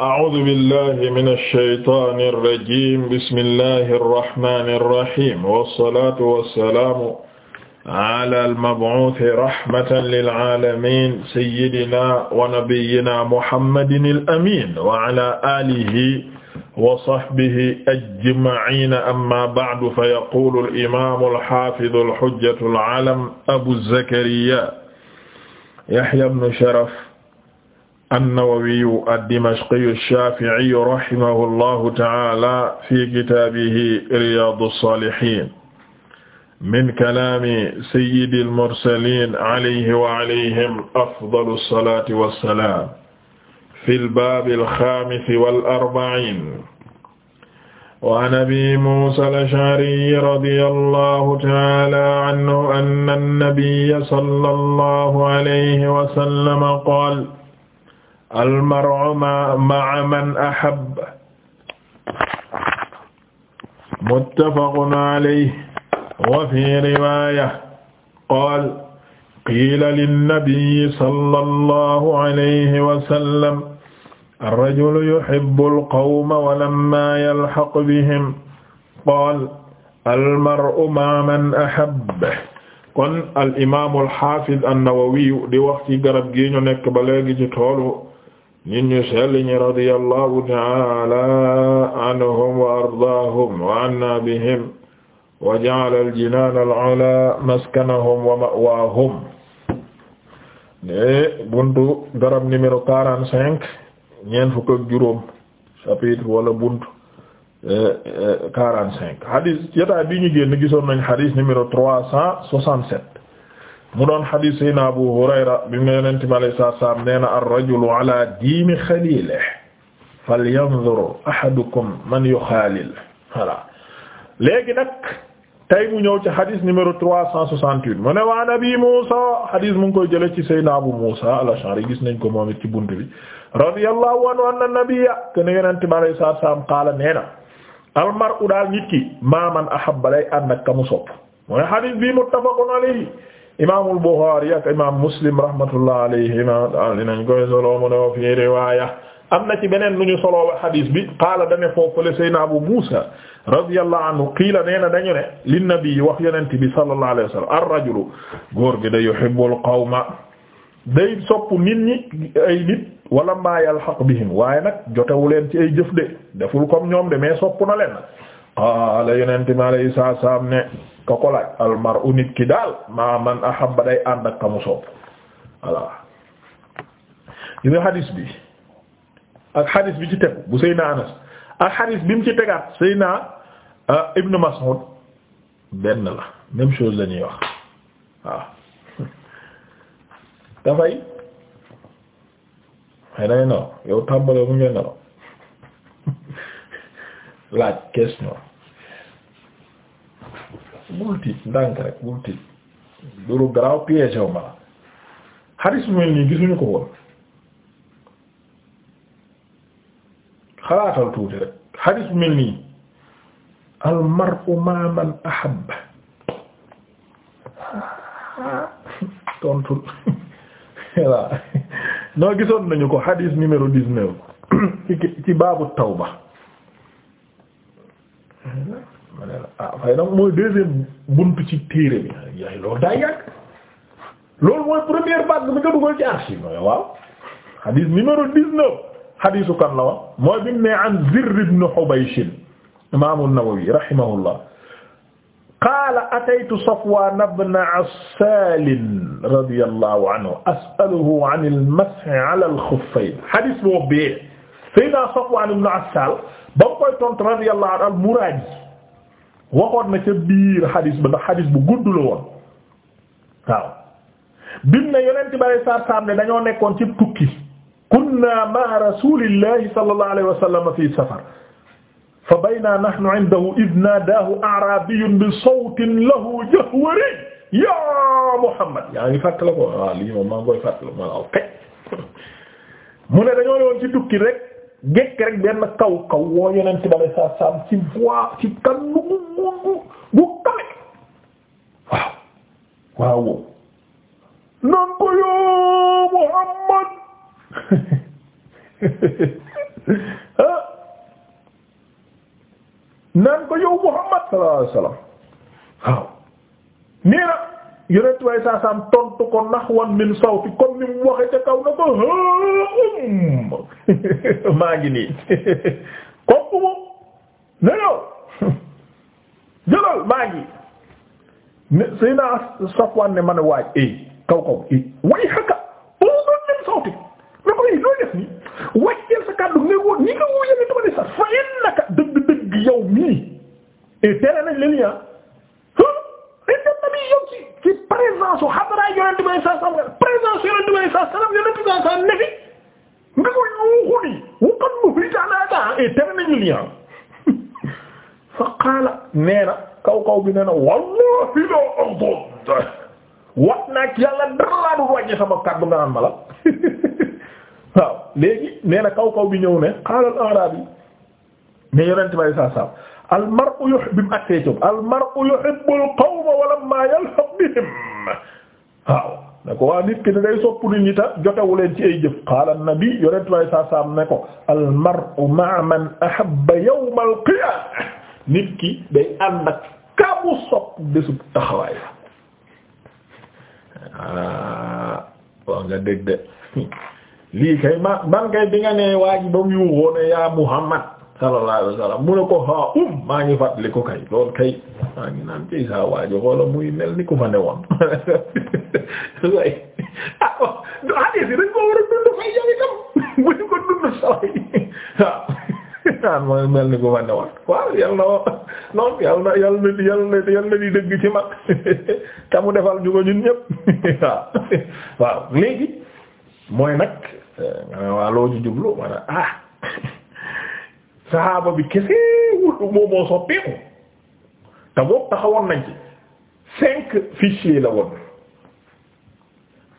أعوذ بالله من الشيطان الرجيم بسم الله الرحمن الرحيم والصلاة والسلام على المبعوث رحمة للعالمين سيدنا ونبينا محمد الأمين وعلى آله وصحبه أجمعين أما بعد فيقول الإمام الحافظ الحجة العلم أبو زكريا يحيى بن شرف an-Nawawiyu ad-Dimashqiyu ash-Shafi'iyu rahimahullahu ta'ala fi kitaabihi Riyaadu s-Saalihiin min kalaami sayyidil mursaliin alayhi wa alayhim afdalu s-salaati wa s-salaam fil baabil xaamisi wal arba'iin wa 'an Abii Muusaa al-Ash'arii radiyallahu ta'ala anhu anna an-nabiyya sallallahu alayhi wa sallam qaala almaru ma'a man ahab muttafaqun alayhi wa fi riwaya qaal qiila linnabiyi sallallahu alayhi wa sallam arrajulu yuhibbu alqawma wa lamma yalhaq bihim qaal almaru ma'a man ahab kon al imaamul haafiz an-nawawi di wax ci garab gi ñu nekk ba léegi ci toolu nit ñu sell ñi radiyallahu ta'ala anhum wa ardaahum wa anna bihim wa ja'ala al-jinaan al-'alaa maskanahum wa ma'waahum buntu garab numéro quarante-cinq ñeent fukk ak juróom chapitre wala buntu eh, eh, quarante-cinq hadith jotaay bi ñu génn gisoon nañ hadith numéro trois cent soixante-sept mu doon xadiis sayna Abu Hurayra bi mu yonent bi alayhi salaatu salaam nee na ar-rajulu ala diini xaliilihi falyanzur ahadukum man yuxaalil voilà léegi nag tey mu ñëw ci xadiis numéro trois cent soixante-huit mu ne waa Nabi Muusaa xadiis mu ngi koy jële ci Seydina Abu Muusaa al-Ash'ari gis nañ ko moom it ci bunt bi radiyallahu anhu anna nabiyya kene yonente bi alayhi salaatu man ahabba lay bi muttafaqun alayhi imaamul Buxaari ak imaam Muslim rahmatullah alayhima daal dinañ koy solo mu ne fi riwaaya am na ci beneen lu ñu solo xadiis bi qaala dane foofu le Seydina Abu Muusa radiyallahu anhu qiila nee na dañu ne lin nabi wax yonent bi sallallahu alayhi wa sallam ar-rajulu góor gi da yuhibbul qawma day sopp nit ñi ay nit wala maa yalhaq bihim waaye nag jotewu leen ci ay jëf de deful comme ñoom de mais sopp na leen qaala yonent bi alayhi salaam ne ka ko laaj almar'u nit ki daal ma man ahabba day ànd ak ka mu sopp xadis bi ak xadis bi ci tegu bu Seydina Anas ak xadis bi mu ci tegaat Seydina ah, Ibn Mas'ud benn la même chose la ñuy wax waaw dafay xëy na yow tàmbale mu ngeen nelaw laaj question bul tiit ndànk rek bul tiit duru garaaw piégé wu ma la xaris bu mel nii gisuñu ko woon xalaatal tuuti rek xaris bu mel nii al mar'u ma man ahabba tontul voilà noo gisoon nañu ko xadis numéro dix-neuf ci ci baabu tawba ma ne la ah fay nag mooy deuxième buntu ci téere bi yaay loolu daa yàgg loolu mooy première baat bi nga dugal ci archive mooy waaw xadiis numéro dix-neuf xadiisu kan la wax mooy bi mu ne an Zirr ibn Hubaysh imaamu Nawawi rahimahullah qaala ataytu Safwaan ibn Assaal radiyallahu anhu as'aluhu an al-mashi ala al-khuffayn xadiis boobu bi Sayyidina Safwaan ibn Assaal ba mu koy tontu radiyallahu anhu al-Muraadi waxoon na ca biir xadis ba ndax xadis bu gudd la woon waaw bim ne yonent ne dañoo nekkoon ci tukki kunna ma'a rasulillahi sallallahu alayhi wa sallam fi safar fa baynaa nahnu indahu id naadaahu a'raabiyyun bi sawtin lahu jahwari ya Muhammad yaa ngi fàttala ko waaw lii moom maa ngi koy fàttala ma mu ne dañoo ne woon ci tukki rek gekk rek benn kaw kaw woo yonent bi alayhi salaatu salaam ci voix kan lu mu mungu bu waaw waaw nan ko yoo Muhammad ah. nan ko yow Muhammad sallallahu alayhi wasallam waaw yonent way saa saam tontu ko nahwan min sawti comme ni mu waxe ca kaw na ko um maa ngi nii kopp moom ne yow jëlal maa ngi si naa Safwan ne man a eey kaw kaw eey way hakka um min sawti na ko eey looy def nii wàcceel sa kàddu ne woon nga wuye ni dama ne sax fa innaka dëgg dëgg yow mii et tere nañ leen yaa hë inda nabi yow ci ci présence u xadaraay yonent bi saa saa présence yonent bi saa saa saa saa nefi nga ko yuuxu ni wuqat mu li daanaataa et eh, tere nañu lii ah fa qaala na kaw kaw bi nee na wallahi la ardom wat naag yàlla dara du wàññi sama kàddu nga naan ma la waaw léegi nee kaw kaw bi ñëw ne qaala al arabi ne yonent bi saa saa almar'u yuhibbu bi mu àgsee ci almar'u yuhibbu al-qawma wa lamma yalhaq bihim waaw ne ko waa nit ki da ngay soppu nit ñi ta jotewu leen ci ay jëf qaala an-nabi yonent bi saa saam ne ko almar'u ma'a man ahabba yawm al-qiyaama nit ki day ànd ak kaabu sopp bésub taxawaay ah waaw nga dégg de lii kay ma man kay bi nga nee waa ji ba mu yuuxoo ne yaa Muhammad sallallahu alayhi wasallam mu ne ko haa um maa ngi fàttali ko kay lool kay maa ngi naan ci saa waajo xoola muy mel ni ku fa ne woon waaw mel ni ku fa ne woon waaw yal na woon noonu yal na yal na yal dëgg ci mag te mu defal ju ko ñun ñëpp ah, waaw léegi mooy nag eh, nga ne waa loo ci jublu ma ne ah saxaaba bi kese wul moom moo soppeeku te boobu taxawoon nañ ci cinq fichier la woon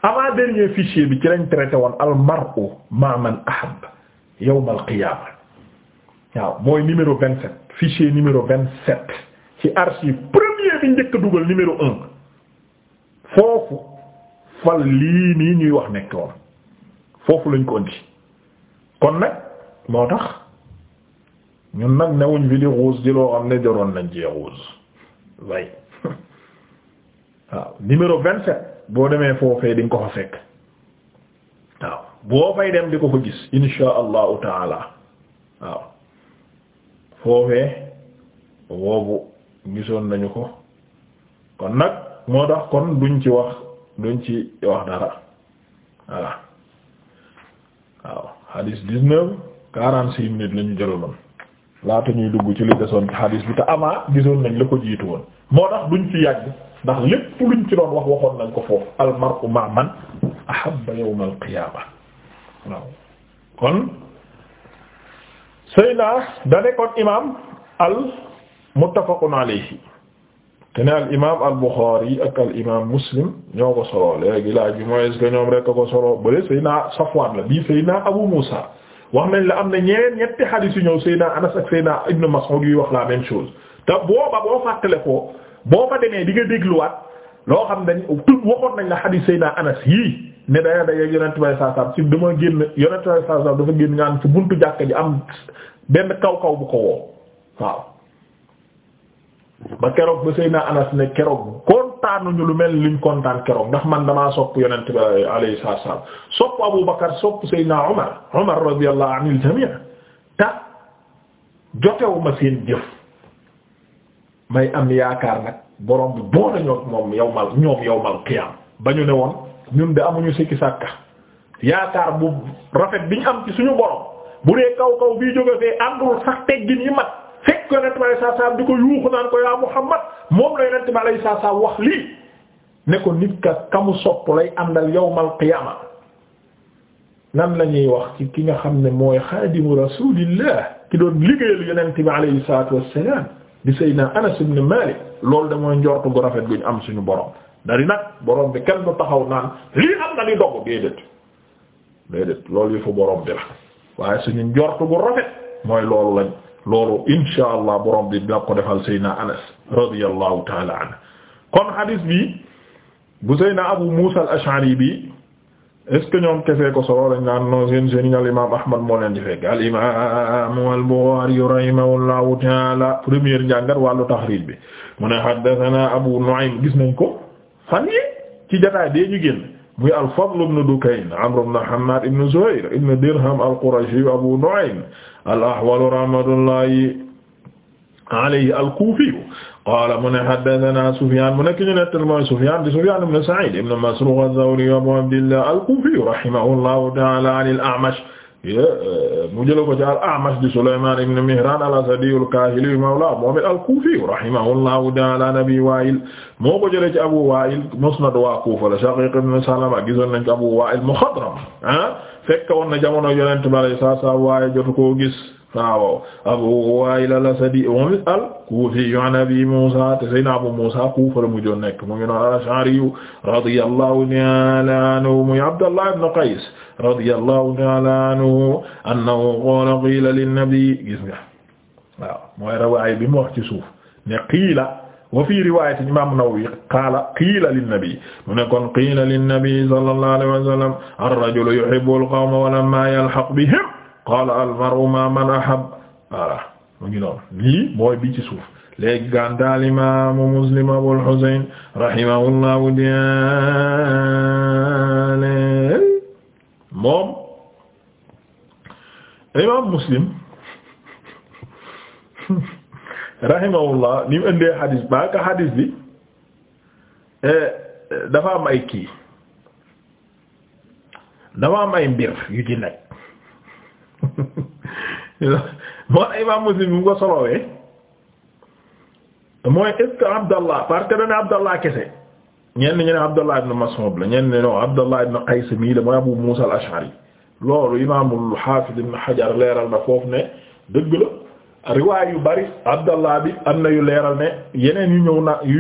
avant dernier fichier bi ci lañ traité woon al mar'u ma man ahab yawm al waaw mooy numéro vingt sept fichier numéro vingt sept ci archive premier bi njëkk dugal numéro un foofu fal lii nii ñuy wax nekk woon foofu lañ ko indi kon nag moo tax ñun nag newuñ fi di xuus di loo xam ne joroon nañ cee xuus way waaw numéro vingt-sept boo demee foofee di ko fa fekk waaw boo fay dem di ko fa gis insha allahu taala waaw foofee boobu gisoon nañu ko kon nag moo tax kon duñ ci wax duñ ci wax dara voilà waaw hadis dix-neuf quarante-six minutes la ñu jëloon laata ñuy dugg ci li desoon ci hadis bi te amaa gisoon nañ la ko jiitu woon moo tax duñ ci yàgg ndax lépp luñ ci doon wax waxoon nañ ko foofu almar'u ma man ahabba yawm alqiyama waaw kon sayna dane kon imam al muttafaqun alayhi te ne al imam al bukhari ak al imam muslim ñoo ko solo léegi laaj bi mooy est-ce que ko solo bële sayna safwan la bii sayna abu musa wax nañ la am na ñeen ñetti xadiis yu ñëw Seydina Anas ak Seydina Ibn Mas'ud yuy wax la même chose te booba boo fàttale ko boo fa demee di nga dégluwaat loo xam dañ tout waxoon nañ la xadiis Seydina Anas yii ne daya daya yonent bay saasam si dama génn yonent bay saasam dafa génn ñaan ci buntu jàkk ji am benn kaw kaw bu ko woo waaw ba keroog ba Seydina Anas ne keroog kon kontaanu ñu lu mel liñ kontaan keroog ndax man damaa sopp yonent bi alayhi salaam sopp Abu Bakar sopp Seydina Umar Umar radiyallahu anil jami' ta jotewu ma seen jëf may am yaakaar nag borom bi boo dañoo moom yawmal ñoom yawmal qiyaam ba ñu ne woon ñun de amuñu sikki sàkka yaakaar bu rafet biñ am ci suñu borom bu dee kaw kaw bii jóge fee àndul sax teggin yi mat fekk ko yonent bi alayhi salaam di ko yuuxu naan ko yaa Muhammad moom la yonent bi alayhi wax lii ne ko nit ka kamu sopp lay àndal yawmal qiyaama nan la ñuy wax ci ki nga xam ne mooy xaadimu rasuulillah ki doon liggéeyal yonent bi alayhi salaatu wassalaam di Seydina Anas ibn Maalik loolu de mooy njortu gu rafet gu ñu am suñu borom dari nag borom bi kenn du taxaw naan lii am na li dogg déedéet déedéet loolu yëfu borom bi la waaye suñu njortu gu rafet mooy loolu lañ. loolu insha allah borom bi dina ko defal Seydina Anas radiyallahu taala anhu kon hadis bi bu Seydina Abu Musa al-Ash'ari bi est-ce que ko solo lañ naan non seen seen al imam Ahmad moo leen di fekk al imam al-Bukhari rahimahullahu taala première njàngat wàllu taxriij bi mu ne Abu Nu'aym gis nañ ko fan yi ci jotaay bee ñu génn. muy al-Fadl ibn Dukayn Amr ibn Hammad ibn Zuhayr ibn Dirham al-Qurashi Abu Nu'aym al-Ahwal rahmatullahi alayhi al-Kufi qaala mu ne haddathana Sufyan mu nekk ñu nettal mooy Sufyan di Sufyan ibn Sa'id ibn Masruq az-Zuhri Abu Abdillah al-Kufi rahimahullahu ta'ala an al-A'mash Eh, eh, mu jëla ko ci al-A'mash di Sulaymaan ibn Mihraan al-Asadi al-Kaahili mawla moom it al-Kuufi rahimahullahu ta'aala an Abi Waa'il moo ko jëlee ci Abu Waa'il musnad waa Kuufa la Shaqiiq ibn Salama gisoon nañ ko Abu Waa'il Muxadram ah fekk woon na jamono Yonent bi alayhi salaatu wa salaam waaye jotu koo gis waaw Abu Wa'il al-Asadi moom it al-Kufi an Abi Musa te Seydina Abu Musa Kufa la mujjoon nekk mu ngi noonu al-Ash'ari radiyallahu ta'ala anhu muy Abdallah ibn Qays radiyallahu ta'ala anhu annahu qala qila lin-nabi gis nga waaw mooy riwaaya bi mu wax ci suuf ne qiila wa fi riwaayati imaam Nawawi qaala qiila linnabi mu ne kon qiila linnabi sallallahu alayhi wa sallam ar-rajulu yuhibbu al-qawma wa lamma yalhaq bihim qaala almaru ma man ahab voilà mu ngi noonu lii mooy bi ci suuf léegi gàntaal imaamu muslim abul husayn rahimahullahu diale moom imam muslim rahimahullah ni mu indee xadis ba ka xadis bi eh, dafa am ay kii dafa am ay mbir yu ci nekk moo tax imaam Muslim mu ko solowee mooy est-ce que Abdallah parce que dana Abdallah kese ñenn ñi ne Abdallah ibn Mas'ud la ñenn ne non Abdallah ibn Qays mii la mooy Abu Musa al-Ash'ari loolu imaamul Hafiz ibn Hajar leeral na foofu ne dëgg la riwaay yu bari Abdallah bi am na yu leeral ne yeneen yu ñëw na yu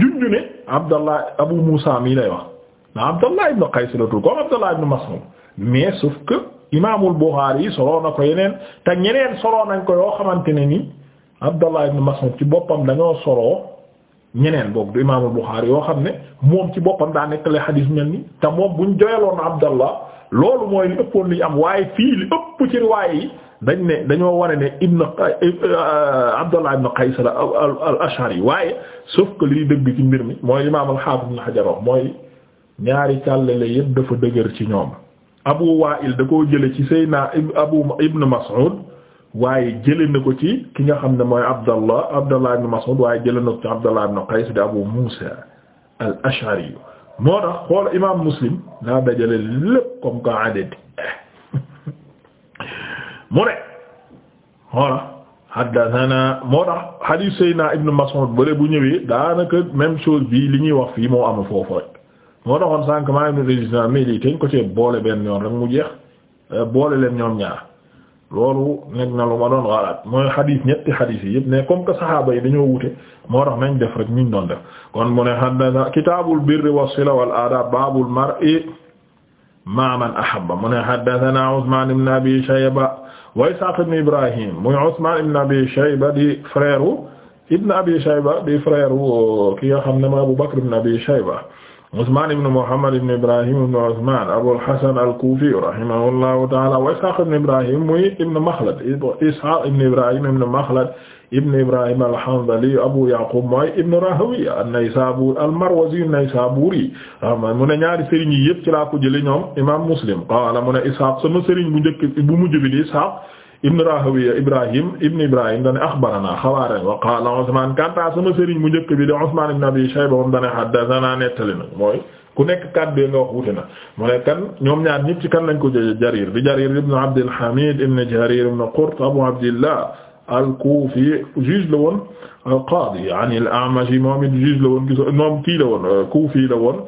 junju ne Abdallah Abu Musa mii lay wax na Abdallah ibn Qays la tur comme Abdallah ibn Mas'ud mais sauf que imaamul Buxaari yi soloo na ko yeneen te ñeneen soloo nañ ko yoo xamante ne ni Abdallah ibn Mas'ud ci boppam dañoo soloo ñeneen boobu du imaamul Buxaari yoo xam ne moom ci boppam daa nekkale xadiis mel ni te moom buñ joyaloon Abdallah loolu mooy li ëppoon li am waaye fii li ëpp ci riwaay yi dañ ne dañoo wane ne ibn euh, Abdallah ibn Qays al yi waaye sauf que liy dëgg ci mbir mi mooy imaam al-Hafiz ibn Hajar mooy ñaari càllale yépp dafa dëgër ci ñoom Abu Wa'il da koo jële ci Seyna Abu Ibn Mas'ud waaye jële na ko ci ki nga xam ne mooy Abdallah Abdallah ibn Mas'ud waaye jële na ko ci Abdallah ibn Qays di Abu Musa al-Ash'ari moo tax xool imaam Muslim daa dajale lépp comme que adet mu ne moo tax haddathana moo tax hadith Seyna Ibn Mas'ud bële bu ñëwee daanaka même chose bi li ñuy wax fii moo am foofu rek moo taxoon sànq maa ngi résistant mais lii ko ci boole benn yoon rek mu jeex euh, boole leen ñoom ñaar loolu nekk na lu ma doon xalaat mooy xadiis ñetti xadiis yi yëpp mais comme que saxaaba yi dañoo wute moo tax nañ def rek ñu doon def kon mu ne haddatha kitaabul birri was-sila wal aadaab baabul mar'i ma'a man ahabba mu ne haddathanaa Usmaan ibn Abi Shayba wa Ishaaq ibn Ibrahim muy Usmaan ibn Abi di frère ibn ki nga xam ne mooy Abu Bakr ibn Abi Shayba Usmaan ibn Muhammad ibn Ibrahim ibn Usmaan Abul Hasan al-Kufi rahimahullahu ta'ala wa Ishaaq ibn Ibrahim muy ibn Makhlad Ishaaq ibn Ibrahim ibn Makhlad ibn Ibrahim al-Hanzali Abu Yaqub mooy ibn Raahawayh an-Naysaabuuri al-Marwazi an-Naysaabuuri mu ne ñaari sëriñ yi yëpp ci laa ko jëlee ñoom imaam Muslim qaala mu ne Ishaaq sama sëriñ bu njëkk bu mujj bi di Ishaaq ibn Rahawiya Ibrahim ibn Ibrahim dane axbarana xabaare wa qaala kanta sama sëriñ mu njëkk bi de Usmaan ibn Abi Shayba moom dane haddathana nettali ku nekk kàddu yi nga wax wuute na mu ne kan ñoom ci kan lañ ko jëlee Jarir bi Jarir ibn Abdul Hamid ibn Jarir ibn Qurt Abu Abdillah al-Kufi juge la woon qaadi an al-A'mash moom it juge la woon gis moom kii la woon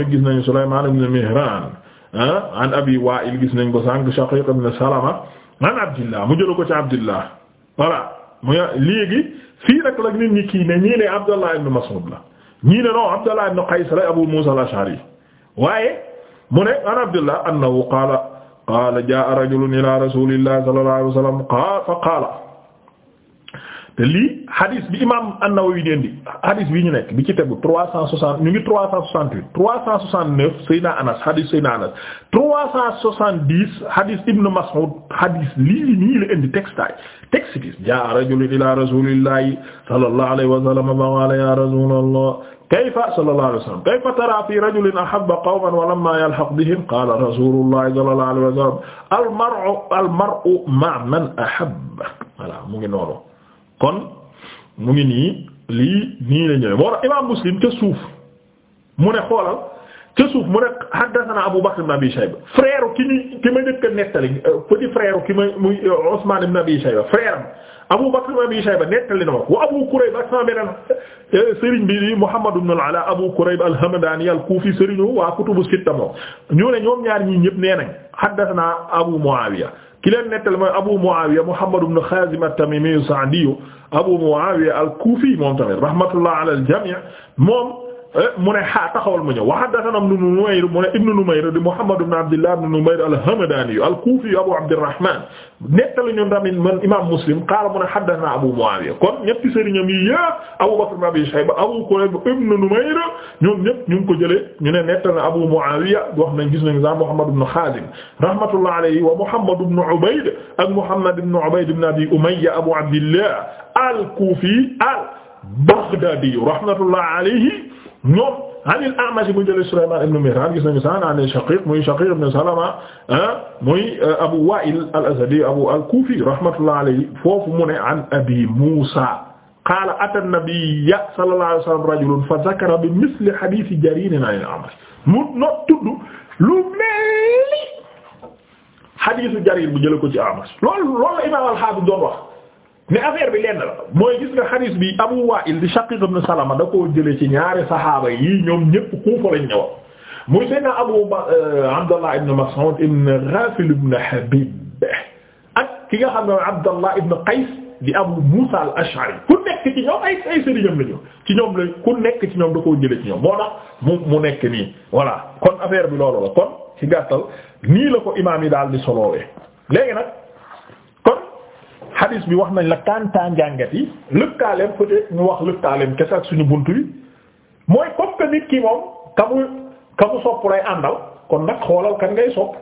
ibn Mihraan ah, an Abi Waa'il gis nañ ko sànq Shaqiq ibn Salama man abdillah mu jëla ko ci abdillah voilà mu léegi fii nag la nit ñi kii ne ñii ne abdallah ibn mas'ud la ñii ne non abdallah ibn qais la abu musa al-ash'ari waaye mu ne an abdillah annahu qaala qaala jaa rajulun ila rasulillahi sallallahu alayhi wa sallam qaala fa qaala te lii hadith bi imam an-Nawawi dendi hadith bi ñu nekk bi ci tegu trois cent soixante ñu ngi trois cent soixante-huit trois cent soixante-neuf Seydina Anas hadith Seydina Anas trois cent soixante-dix hadith Ibn Mas'ud hadith lii nii la indi texte ay texte bi jaa rajulun ila rasulillahi sallallahu alayhi wa sallam faqala ya rasulallah kayfa sallallahu alayhi wa sallam kayfa tara fi rajulin ahabba qawman wa lamma yalhaq bihim qala rasulullah sallallahu alayhi wa sallam al mar'u al mar'u ma'a man ahabba voilà mu ngi noonu kon mu ngi nii lii nii la ñëwee moo tax imaam Muslim ca suuf mu ne xoolal ca suuf mu ne haddathana Abu Bakr ibn Abi Shayba frère ki ñu ki ma njëkk a nettali petit frère ki ma muy euh, Usman ibn Abi Shayba frère Abu Bakr ibn Abi Shayba nettali na ma wa Abu Kurayb ak sama beneen euh, sëriñ bi di Muhammad ibn al-Ala Abu Kurayb al-Hamdani al-Kufi sëriñu waa kutubu sitta moom ñu ne ñoom ñaar ñii ñëpp nee nañ haddathana Abu Muawiya ki leen nettali mooy Abu Muawiya Muhammad ibn Khazim at-Tamimi as-Sa'di Abu Muawiya al-Kufi moom tamit rahmatullah ala al-jami' moom Eh, mu ne xaa taxawal mu ñëw wa haddathana ibnu Numayr mu ne ibnu Numayr di Muhammad ibn Abdillah ibn Numayr al-Hamdani al-Kufi Abu Abdurrahman nettali ñu tamit man imam Muslim qaala mu ne haddathana Abu Muawiya kon ñetti sëriñam yi yépp Abu Bakr ibn Abi Shayba Abu Kurayb ibnu Numayr ñoom ñépp ñu ngi ko jëlee ñu ne nettali Abu Muawiya wax nañ gis nañ sax Muhammad ibn Khazim rahmatullah alayhi wa Muhammad ibn Ubayd ak Muhammad ibn Ubayd ibn Abi Umayya Abu Abdillah al-Kufi al-Baghdadi rahmatullah alayhi ñoom anil A'mash mu jëlee Sulaymaan ibn Mihraan gis nañu sax naan Shaqiiq muy Shaqiiq ibn Salama ah, muy euh, Abu Waa'il al-Asadi Abu al-Kuufi rahmatullahi alayhi foofu mu ne an Abi Muusaa qaala ataa an-nabiyya sallallahu alayhi wa sallam rajulun fa dhakara bi misli hadiisi Jariir an al-A'mash mu noo tudd lu mel ni hadiisu Jariir bu jëlee ko ci A'mash loolu loolu la Imaam al-Haafiz doon wax. mais affaire bi lenn la mooy gis nga xadis bi Abu Wa'il di Shaqiq ibn Salama da koo jëlee ci ñaari saxaaba yi ñoom ñëpp Kuufa lañ ñëwoon muy Seydina Abu euh, Abdallah ibn Mas'ud ibn Ghafil ibn Habib ak ki nga xam ne Abdallah ibn Qays di Abu Musa al-Ash'ari ku nekk ci ñoom ay ci ñoom la ku nekk ci ñoom da koo jëlee ci ñoom moo tax mu nekk nii voilà kon affaire bi loolu la kon ci gàttal nii lako ko imaam yi daal di soloowee léegi nag kon. hadis bi wax nañ la kantaa njàngat yi lëkkaaleem peut-être ñu wax lëkkaaleem kese ak suñu bunt yi mooy comme que nit ki moom ka mu ka mu àndal kon nag xoolal kan ngay sopp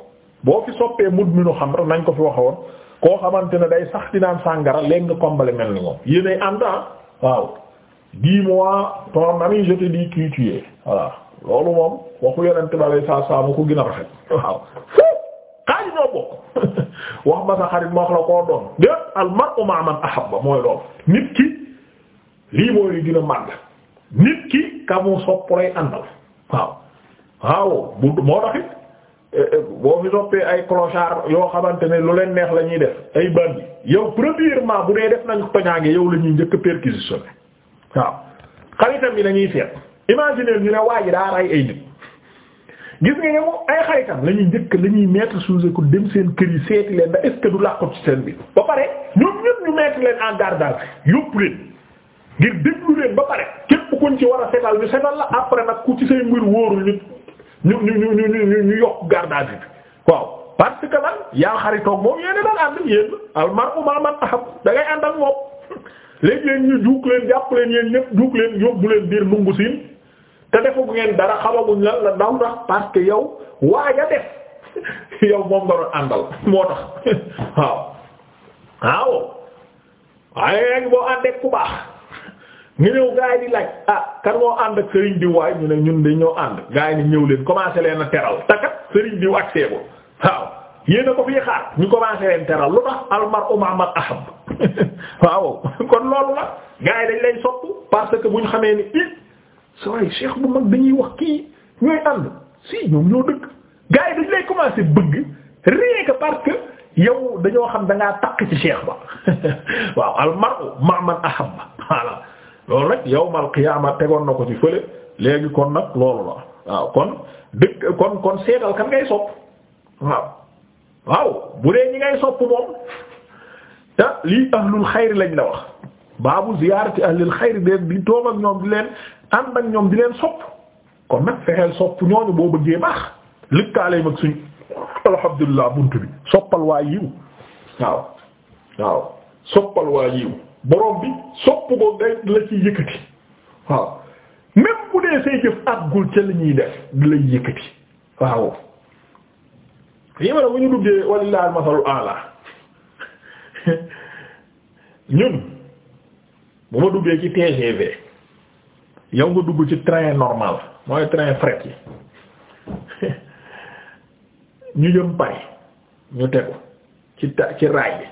boo fi soppee mudminu xamr nañ ko fi waxe woon koo xamante ne day sax di naan sàngara léegi nga kombale mel ni moom yéenay ànd ah waaw dis-moi ton ami je te dis qui tu es voilà loolu moom waxu yonent bi alayhi salaam ko gën a waaw ñoo bokk wax ma sa xarit ma wax la koo doon déet al mar'u ma'a man ahabba mooy lool nit ki lii mooy gën a nit ki ka mu sopp lay àndal waaw waaw bu moo taxit eh, eh, boo fi soppee ay clochard yoo xamante ne lu leen neex la ñuy def ay bandi yow premièrement bu dee def nañ toñaange yow la njëkk perquisitionné waaw xaritam yi la seet imaginer ñu ne waa ji daa rey ay nit gis nga yow ay xaritam la ñuy njëkk la ñuy mettre sous écoute dem seen kër yi seeti leen da est-ce que du làqu ci seen bi ba pare ñoom ñëpp ñu mettre leen en garde daal yóbbu leen ngir déglu leen ba pare képp kuñ ci war a setal ñu setal la après nag ku ci say mbir wóorul ñu ñu ñu ñu ñu ñu yokk garde à vue waaw parce que lan yaa xaritoog moom yéen a ànd yéen almar uma man ahab da ngay ànd ak moom léegi leen ñu juuk leen jàpp leen yéen ñëpp juuk leen yóbbu leen biir nungu siin te defu ngeen dara xamaguñ la la ndaw tax parce que yow waaja def yow moom nga doon àndal moo tax waaw waaw waaye nag boo àndeek ku baax nga ñëw gaa yi di laaj ah kan moo ànd ak sëriñ diw waaye ñu ne ñun de ànd gaa ni ñëw leen commencé leen a teral takat sëriñ diw ak seebo waaw yéen a ko fii xaar ñu commencé leen teral lu tax almar umar man ahab waaw kon loolu la gaa dañ lay sopp parce que buñ xamee ni saway cheikh bu mag dañuy wax kii ñooy ànd si ñoo dëkk gars yi dañ lay commencé bëgg rien parce que yow dañoo xam da ngaa takk ci cheikh ba waaw al mar'u ma man ahabba voilà loolu rek yawmal qiyaama tegoon na ko ci fële léegi kon nag la kon dëkk kon kon seetal kan ngay waaw waaw bu dee ñi ngay sopp moom te ah, lii ahlul xayri lañ la wax baabu ziyaarati ahlil xayri di toog ak ñoom di leen ànd ñoom di leen sopp kon nag fexeel sopp ñooñu boo bëggee baax lëkkaale mag suñ alhamdulilah bunt bi soppal waa yiw waaw waaw soppal sopp ko la ci yëkkati waaw même bu dee say jëf àggul ca li ñuy def di lay yëkkati waaw yi ma ne bu ñu duggee walillahi al masalul ala ñun bu ma duggee ci TGV yow nga dugg ci train normal mooy train fret yi ñu jëm Paris ñu tegu ci ta ci raay bi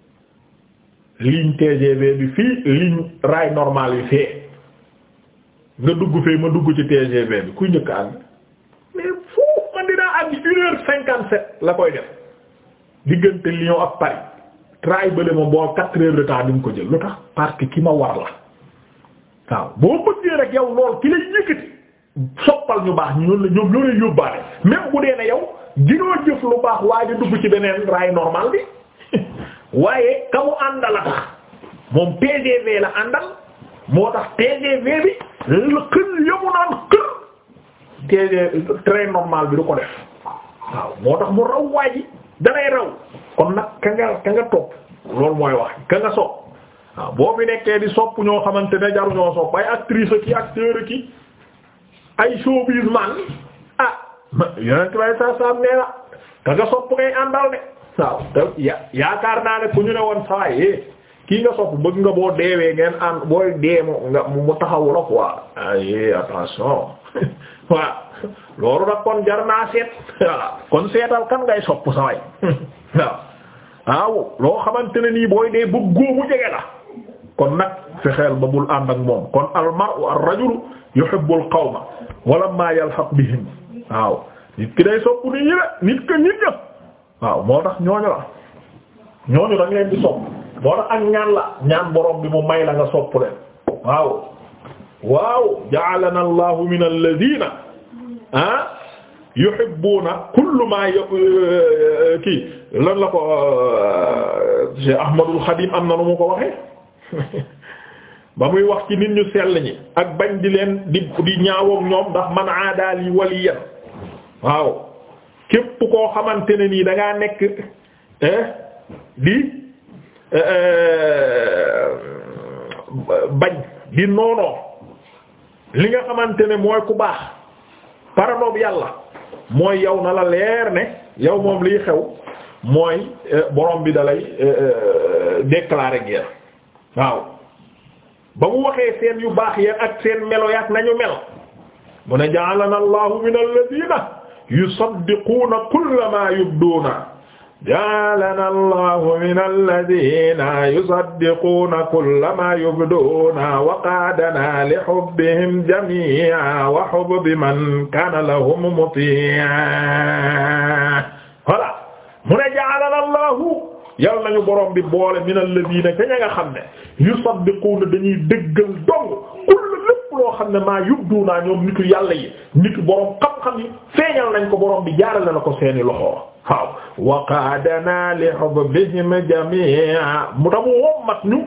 ligne TGV bi fii ligne raay normal yi fee nga dugg fee ma dugg ci TGV bi ku njëkk àgg mais foofu man dinaa àgg une heure cinquante sept la koy def diggante Lyon ak Paris tray bële ma boo quatre heures de temps di nga ko jël lu tax parce que ki ma war la waaw boo bëggee rek yow lool ki lay yëkkati soppal ñu baax ñoom la ñoom ñoo lay yóbbaale même bu dee ne yow ginoo jëf lu baax waaye dugg ci beneen raay normal bi waaye ka àndal a tax moom TGV la àndal moo tax TGV bi la xën yamu naan xër TGV train normal bi du ko def waaw moo tax mu raw waa danay raw kon nag ka nga ka nga topp loolu mooy wax ka nga sopp waaw nekkee di sopp ñoo xamante ne jaru ñoo sopp ay actrice ki acteur ki ay showbiz man ah yonent bay sa sam nee na ka nga sopp ngay àndal de ya yaakaar naa ne ku ñu ne woon sawaye kii nga sopp bëgg nga boo deewee ngeen ànd booy dee mu nga mu taxawu la quoi ay ah, attention waaw loolu nag kon jar naa seet kon seetal kan ngay sopp saway waaw waaw loo xamante ne nii booy dee bëggoo mu jege la kon nag fexeel ba bul ànd ak moom kon al mar'u ar rajulu yuhibbu al qawma wa lamma yalhaq bihim waaw nit ki day sopp nit ñi de nit ki nit ñëpp waaw moo tax ñooñu la ñooñu dañ leen di sopp moo tax ak ñaan la ñaan borom bi mu may la nga sopp leen waaw waaw ja'alana allahu min alladhina ah yuhibbuuna kullu maa euh, euh, kii lan la ko Cheikh Ahmadul Xadim am na nu mu ko waxee ba muy wax ci nit ñu sell ñi ak bañ di leen di di ñaawook ñoom ndax man aada li waliyan waaw képp koo xamante ne nii dangaa nekk di euh, bañ di noonoo li nga xamante ne mooy ku baax paranob yàlla mooy yow na la leer ne yow moom liy xew mooy euh, borom bi dalay euh, euh, déclarer guerre waaw ba mu waxee seen yu baax ya ak seen melo ya ak nañu mel mu ne ja'alana allahu min alladhina yusaddiquna kullama yubduna ja'alana allahu min alladina yusaddiquna kulla ma yubduuna wa qaadana li hubbihim jami'a wa hubbi man kana lahum muti'a voilà mu ne ja'alana allahu yal nañu borom bi boole min alladina ca ña nga xam ne yusaddiquna dañuy dëggal dong kulla lépp loo xam ne maa yubduuna ñoom nitu yàlla yi nitu borom xam-xam yi feeñal nañ ko borom bi jaarale na ko seeni loxo waaw waqaadana li hubbihim jami'a mu tamu wommat ñu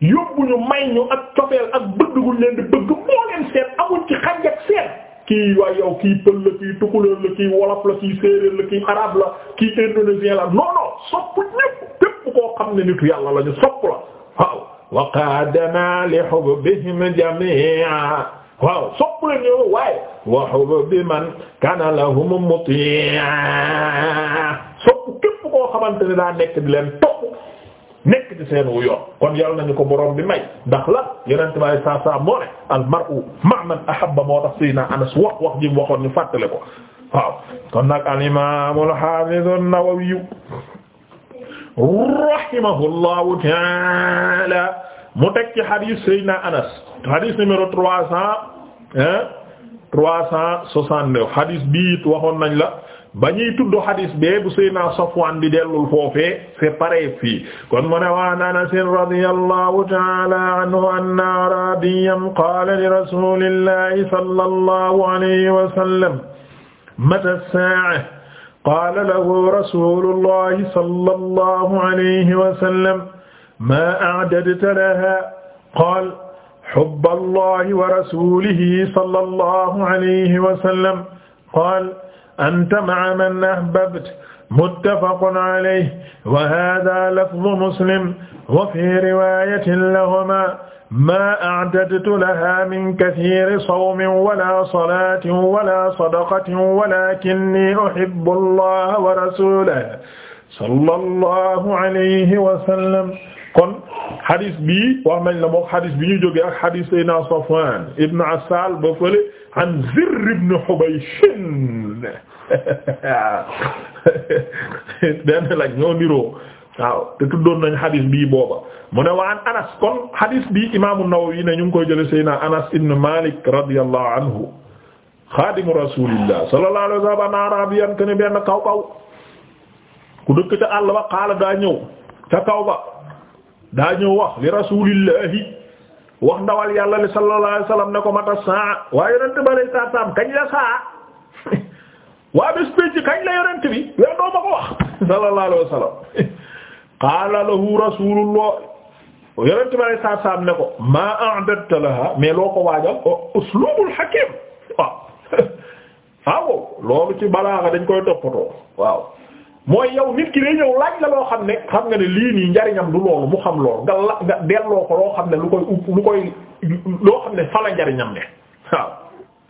yóbbu ñu may ñu ak cofeel ak bëgg gu leen di bëgg moo leen seen amul ci xaj ak seen kii waay yow kii pël la kii tukulóor la kii wolof la kii séeréer la kii arabe la kii indonésien la non non sopp ñépp képp koo xam ne nitu yàlla la ñu sopp la waaw waqaadana li hubbihim jami'a waaw sopp leen yow waaye wa hubbi man kana lahum muti' sopp képp koo xamante ne daa nekk di leen topp nekk ci seen wu yoon kon yal nañu ko borom bi may ndax la yenente bi alei saa moo ne al mar'u ma'a man ahabba moo tax Seydina Anas wax wax ji waxoon ñu fàttale ko waaw kon nag al imam al hafiz an-Nawawi rahimahullahu ta'ala mu teg ci hadith Seydina Anas hadith numéro trois cent hein trois cent soixante-neuf hadith bii waxoon nañ la ba ñuy tudd hadith bee bu Seydina Safwan di dellul foofee c'est pareil fii kon mu ne waan Anas radiyallahu ta'ala anhu anna arabiyan qala li rasulillahi sallallahu alayhi wa sallam mata as-sa'a qala lahu rasulullahi sallallahu alayhi wa sallam ma a'dadta laha qala حب الله ورسوله صلى الله عليه وسلم قال أنت مع من أحببت متفق عليه وهذا لفظ مسلم وفي رواية لهما ما أعددت لها من كثير صوم ولا صلاة ولا صدقة ولكني أحب الله ورسوله صلى الله عليه وسلم kon hadis bi wax nañ la mook hadis bi ñu joge ak hadis sayna Safwan ibn Asal ba fële an Zirr ibn Hubaysh benn lañ ñoo niroo waaw te tuddoon nañ hadis bii booba mu ne waan Anas kon hadis bi imaamu Nawawi ne ñu ngi koy jële sayna Anas ibn Malik radiyallahu anhu xaadimu rasulillah sallallahu ku dëkk ca àll ba xaala daa ñëw ca kaw ba daa ñëw wax li rasulillahi wax ndawal yàlla li sallallahu alayhi ne ko mata saa waa yonent ba lay saa saam kañ la saa waa bés kañ la yonent bi yooyu doo ko wax sallallahu alayhi qaala lahu rasulullah yonent ba lay saa saam ne ko ma a'dadta laha mais loo ko waajal uslubul hakim waaw waaw loolu ci balaaxa dañ koy toppatoo waaw mooy yow nit ki day ñëw laaj la loo xam ne xam nga ne lii nii njariñam du loolu mu xam loolu nga la nga delloo ko loo xam ne lu koy koy loo xam ne fa la njariñam ne waaw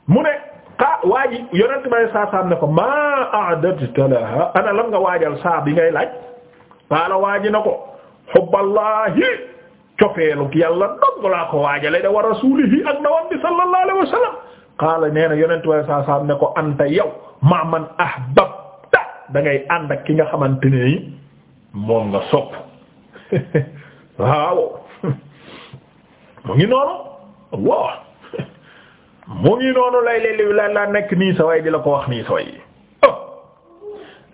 mu ne xaa waa ji yonent saasaam ne ko ma a'dadta laha ana lan nga waajal saa bi ngay laaj waala waaji na ko hubballahi cofeelu ki yàlla dong laa ko waajale da wa rasulihi ak ndawam bi sallallahu alayhi wa sallam xaala nee na yonent saasaam ne ko anta yow ma ahbab da ngay ànd ak ki nga xamante ne ni moom nga sopp waaw mu ngi noonu waaw mu ngi noonu lay lay la la nekk nii sa way di la ko wax nii sa way oh.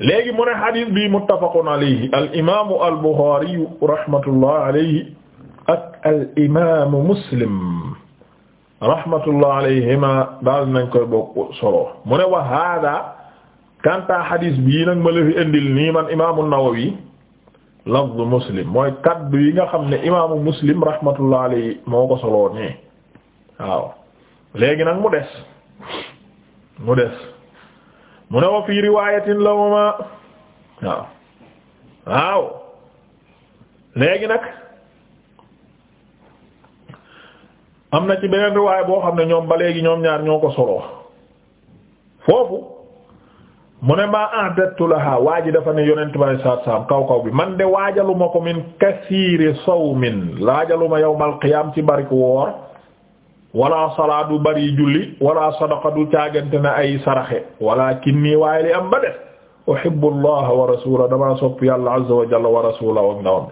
léegi mu ne xadiis bi muttafaqun alayhi al imaamu al buxaari rahmatullah alayhi ak al imaamu muslim rahmatullah alayhima daal nañ koy bokk solo mu ne wa hada kanta xadiis bii nag ma la indil nii man imaamu Nawawi lafdu muslim mooy kaddu yi nga xam ne imaamu muslim rahmatullah alayhi moo ko soloo nee waaw léegi nag mu des mu des mu ne wa fii riwaayatin lahuma waaw waaw léegi nag am na ci beneen riwaaya boo xam ne ñoom ba léegi ñoom ñaar ñoo ko soloo foofu mu ne maa a'dadtu laha waa ji dafa ne yonent bi saab saab kaw kaw bi man de waajaluma ko min kasiiri sawmin laajaluma yawmal qiyaam ci barik woor wala salaat du bari julli wala sadaqa du caagante na ay saraxe walaakin nii waaye li am ba def uhibbu allaha wa rasuula damaa sopp yàlla azza wa jalla wa rasuula wa ndawam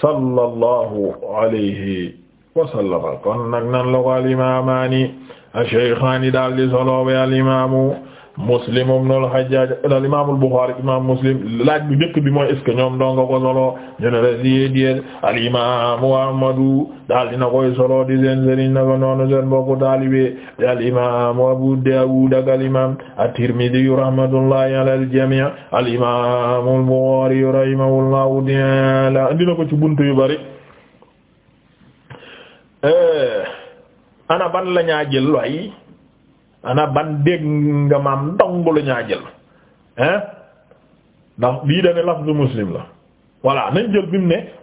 sallallahu alayhi wa sallama kon nag nan la ko al imaamaani ash-shaykhaani daal di solo al imaamu Muslim ibn al al imam al-Bukhari Muslim laaj bu njëkk bi mooy est ñoom doo ko solo ñu ne al imam Ahmadu daal dina koy solo di seen sëriñ naka noonu seen mbokku taalibe al imam Abu Dawud al imam at-Tirmidhi rahmatullahi al-jami' al imam al-Bukhari rahimahullahu ta'ala ko ci buntu yu eh, ana ban la ñaa ana ban dégg nga maam ndong lu ñaa lii dane lafzu muslim la voilà nañ jël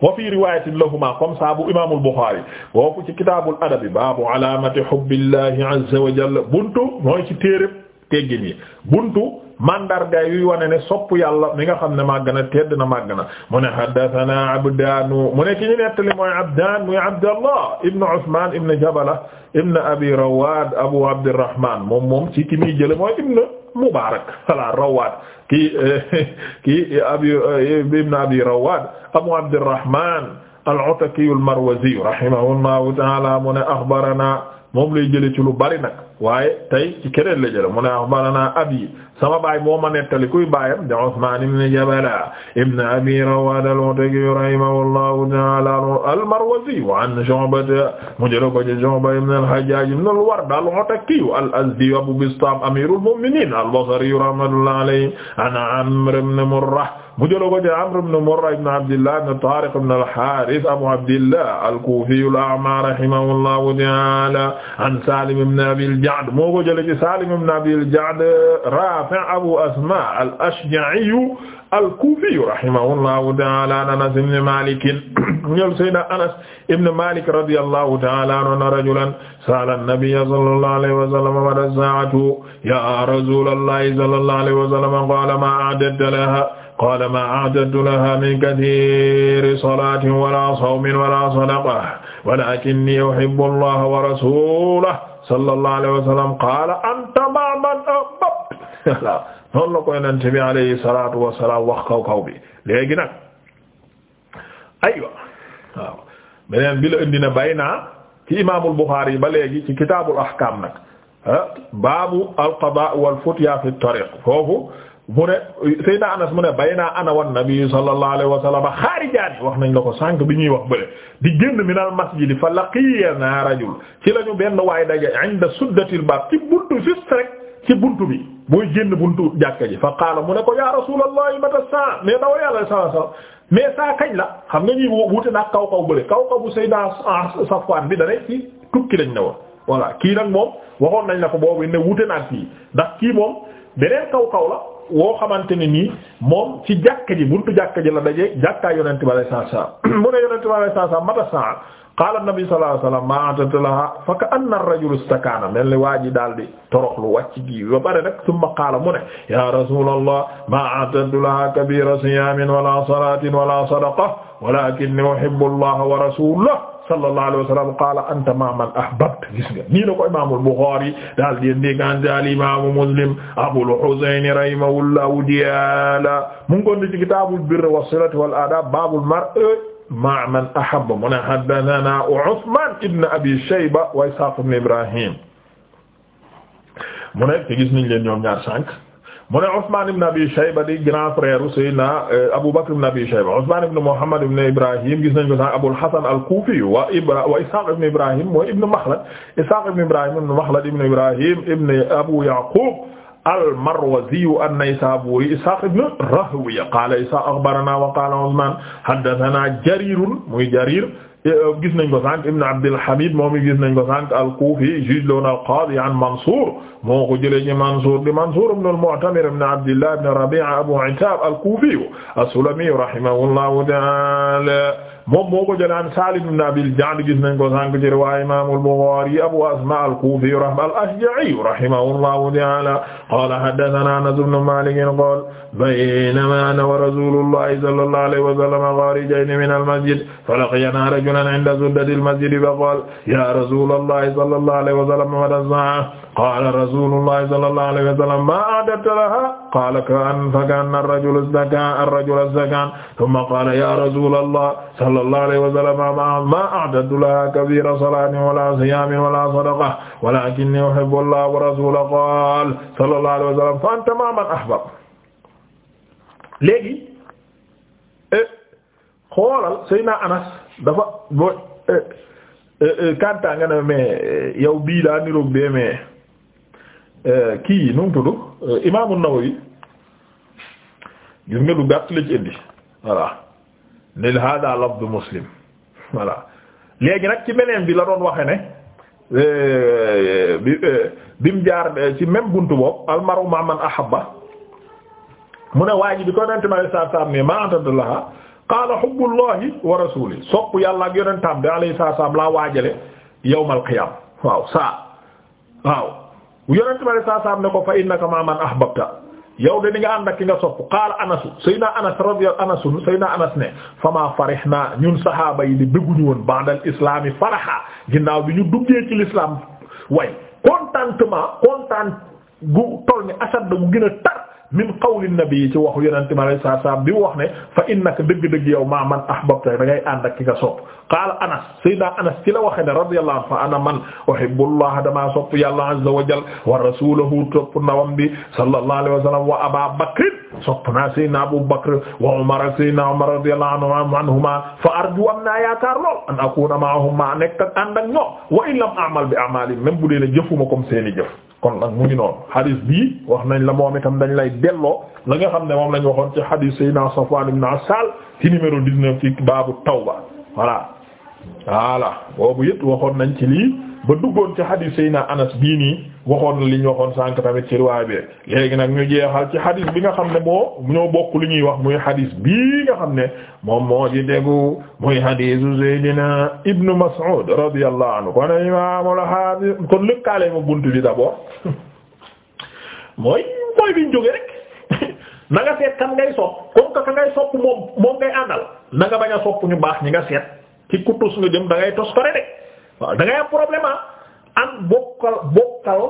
wa fi riwayatin lahuma comme ça bu imaamul Bukhari wooku ci kitaabul adabi baabu alaamati hubbillahi azza wa jalla buntu mooy teggin yi buntu mandarga yuy wane ne sopp yàlla mi nga xam ne màgg na tedd na màgg na mu ne haddathana abdaanu mu ne ki ñu nettali mooy abdaan muy abdallah ibn usman ibn jabala ibn abi rawad abu abdurrahman moom moom ci ki muy jële mooy ibn mubarak wala rawad ki ki abi ibn abi rawad abu abdurrahman al-ataki al-marwazi rahimahullahu ta'ala mu ne akhbarana moom lay jële ci lu bari nag waaye tey ci keneen la jële mu ne axbarana abi sama baay moo ma nettali kuy baayam di Usmaan ibn Jabala ibn Abi Rawaad al-Utaki rahimahullahu ta'ala al-Marwazi wa an Shu'ba mu jële ko ci Shu'ba ibn al-Hajjaj ibn al-Ward al-Utaki al-Azdi Abu Bistaam amirul mu'minin al-Basri rahmatullahi alayhi an Amr ibn Murrah mu jëloo ko ci Amr ibn Murra ibn Abdillah ibn Tariq ibn al-Harith Abu Abdillah al-Kufi al-A'ma rahimahullahu ta'ala an Salim ibn Abi al-Ja'd moo ko jëlee ci Salim ibn Abi al-Ja'd Rafi' Abu Asma al-Ashja'i al-Kufi rahimahullahu ta'ala an Anas ibn Malik ñëw Sayyidina Anas ibn Malik radiyallahu ta'ala anhu rajulan sa'ala an-nabiyya sallallahu alayhi wa sallam mata as-sa'atu ya rasulullah sallallahu alayhi wa sallam qala ma a'dadta laha qaala maa a'dadtu lahaa min kathiiri salaatin walaa sawmin walaa sadaqatin walaakinnii uhibbu Allaha wa rasuulahu sallallahu alayhi wa sallam qaala anta ma'a man ahbabta voilà noonu la koy Yonent bi alayhi salaatu wa salaam wax kaw kaw bi léegi nag aywa waaw beneen bi la indi na bay naa ci imaamul Buxaari ba léegi ci kitaabul ahkaam nag ah, baabu al qadaa wal futyaa fi tariiq foofu mu ne Seydina Anas mu ne bayna ana wan nabi sallallahu alayhi wa sallam xaarijaani wax nañ la ko sànq bi ñuy wax bële di génn min al masjid fa laqiyana rajul ci la ñu benn waay daje inda suddatil baab ci buntu juste rek ci buntu bi booy génn buntu jàkka ji fa qaala mu ne ko ya rasulullah mata saa mais dawal yàlla saa saa mais saa kañ la xam nga ñuy wuute nag kaw kaw bële kaw kaw bu Seydina Safwaan bi da rek ci tukki lañ ne woon voilà kii nag moom waxoon nañ la ko boobu ne wuute nag kii ndax kii moom beneen kaw kaw woo xamante ne nii moom ci jàkka ji buntu jàkka ji la daje jàkkaay yonent bi sallallahu alayhi wasallam mu ne yonent bi sallallahu alayhi wasallam mata saa qaala an-nabi sallallahu alayhi wasallam ma atata laha fa ka'anna ar-rajula istakaana mel ni waa ji daal di toroxlu wàcc gi ba pare nag summa qaala mu ne ya rasulallah ma atatu laha kabira siyamin wala salatin wala sadaqa walakinni uhibbu allaha wa rasulahu sallallahu alayhi wa sallam qaala anta ma'a man ahbabta gis nga nii la ko imaamul Buxaari daal di indi gàncax gi imaamu Muslim Abul Husayn rahimahullahu ta'ala mu ngi ko indi ci kitaabul birri was-silati wal aadaab baabul mar'i ma'a man ahabba mu ne haddathanaa Usmaan ibn Abi Shayba wa Ishaaq ibn Ibraahiim mu ne te gis nañ leen ñoom ñaar sànq. mu ne Ousmane ibn Abi Shayba di grand frère Seydina eh, Abu Bakr ibn Abi Shayba Ousmane ibn Muhammad ibn Ibrahim gis nañ ko sax Abul Hasan al-Kufi wa Ibra wa Ishaq ibn Ibrahim mooy ibn Makhlad Ishaq ibn Ibrahim ibn Makhlad ibn Ibrahim ibn Abu Yaqub al-Marwazi an-Naysaburi Ishaq ibn Rahwiya qala Ishaq akhbarana wa qala Ousmane haddathana Jarir muy Jarir gis nañ ko sànq Ibn Abdul Hamid moom gis nañ ko sànq al-Kufi juge loon al-Qadi an Mansour moo ko jëlee ci Mansour di Mansour ibn al-Mu'tamir ibn Abdillah ibn Rabi'a Abu Attab al-Kufi as-Sulami rahimahullahu ta'ala moom moo ko jëlaan Salim ibn Abil Ja'd gis nañ ko sànq ci riwaaya Imaam al-Bukhari Abu Asma al-Kufi al-Ashja'i rahimahullahu ta'ala qala haddathana Anas ibn Malik qala baynama ana wa rasulullahi sallallahu alayhi wa sallam kharijayn min al-masjid falaqiyana rajulan 'inda suddati al-masjid faqala ya rasulallahi sallallahu alayhi wa sallam qaala rasuulullahi sallallahu alayhi wa sallam maa a'dadta lahaa qaala ka-annaka anna ar-rajula az-zakaan ar-rajula az-zakaan thumma qaala yaa rasuulallahi sallallahu alayhi wa sallam maa a'dadtu lahaa kabiira salaatin wa laa siyaamin wa laa sadaqatin walaakinnii uhibbu allaha wa rasuulahu qaala sallallahu alayhi wa sallam fa anta ma'a man ahbabta léegi e, xoolal Seydina Anas dafa bo e, e, kanta nga ne mais yow bii daa niroog bee mais Euh, kii yi nu tudd euh, Imaam An-Nawawi gis nga du gàtt la ci indi voilà ne hada lafdu Muslim voilà léegi nag ci beneen bi la doon waxe ne euh, bi bim jaar ci même bunt boobu almaru ma man ahabba mu ne waa ji bi ko yonente mi alei saatu salaam ne ma antadlaha qaala hubbullahi wa rasuli sopp yàlla ak yonentam bi alayhi salaam laa waajale yawmal qiyaam waaw saa waaw yonente bi alei saa salaam ne ko fa innaka ma man ahbabta yow de di nga ànd ak ki nga sopp qaala anasu saydna anas radiyallahu anasu saydna anas ne fama farih naa ñun sahaaba yi di dëgguñu woon ba'dal islaami faraha ginnaaw bi ñu duggee ci l'islam way contentement content gu toll ni asad bu gën a tar min qawli nabi ci waxu yonent bi alayhi salaatu salaam bi wax ne fa innaka dëgg-dëgg yow maa man ahbabta da ngay ànd ak ki nga sopp qaala Anas sayyidina Anas ci la waxee ne radiyallahu anhu fa ana man uhibbullaha damaa sopp yàlla azza wa jalla wa rasuulahu topp ndawam bi sallallahu alayhi wa sallam wa Abaa Bakr sopp naa sayyidina Abu Bakr wa Umar sayyidina Umar radiyallahu anhuma fa arju am naa yaakaar lool an akuna ma'ahum ma nekk ànd ak ñoom wa in lam a'mal bi a'maalihim même bu dee jëfuma comme seeni jëf kon nag mu ngi noonu hadis bii wax nañ la moom itam dañ lay delloo la nga xam ne moom lañ waxoon ci hadis Seydina Safwan naa Asal ci numéro 19 ci baabu tawba voilà voilà boobu it waxoon nañ ci lii ba duggoon ci hadis Seydina Anas bii nii waxoon na li ñu waxoon sànq tamit ci riwaay bi léegi nag ñu jeexal ci hadis bi nga xam ne moo ñoo bokk li ñuy wax muy hadis bii nga xam ne moom moo ci déggu muy hadisu Seydina Ibnu Mas'ud radiyallahu anhu kon kon lëkkaale ma bunt bi d'abord mooy mooy biñ jóge rek na nga seet kan ngay sopp comme que ka ngay sopp moom moom ngay àndal na bañ a sopp ñu baax ñi nga seet ci ku tus nga jëm da ngay tos ko rek waaw da am problème ah. am bokkal bokkal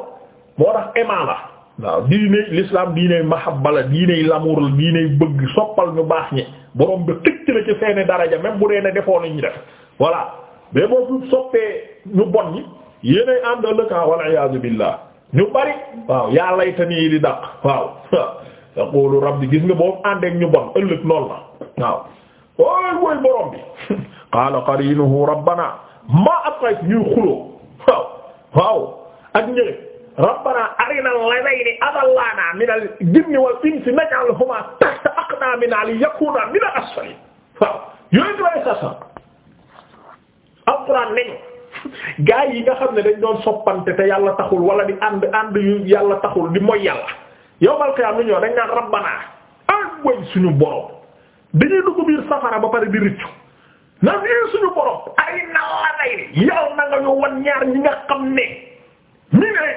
moo tax iman la waaw diine l'islam diine mahabba la diine l'amour la diine bëgg soppal ñu baax ñi borom bi xëcc la ci seeni daraja même bu dee ne defoo li ñu def voilà mais boobu soppee ñu bon ñi yéenay ànd ëllëg ah wal iyaazu billah ñu bari waaw yaa laytanii di dàq waaw yaqulu rabbi gis nga boobu àndeek ñu bon ëllëg noonu la waaw. ooy woy borom bi qaala qariinuhu rabbana maa atghaytu ñuy xuloo waaw ak njëriñ rabbana arinal ladayni adallana minal jinni wal insi naj'alhuma tahta aqdamina li yakuna min al asfali waaw yooyu di waaye gaa yi nga xam ne dañ doon soppante te yàlla taxul wala di ànd ànd yu yàlla taxul di mooy yàlla yowmal qiyaam lu ñëw dañ naan rabbana ay suñu borom dañuy dugg biir safara ba pare di rëccu na lii suñu borom ay nalla day yow na ñu wan ñaar ñi nga xam ne ñu ne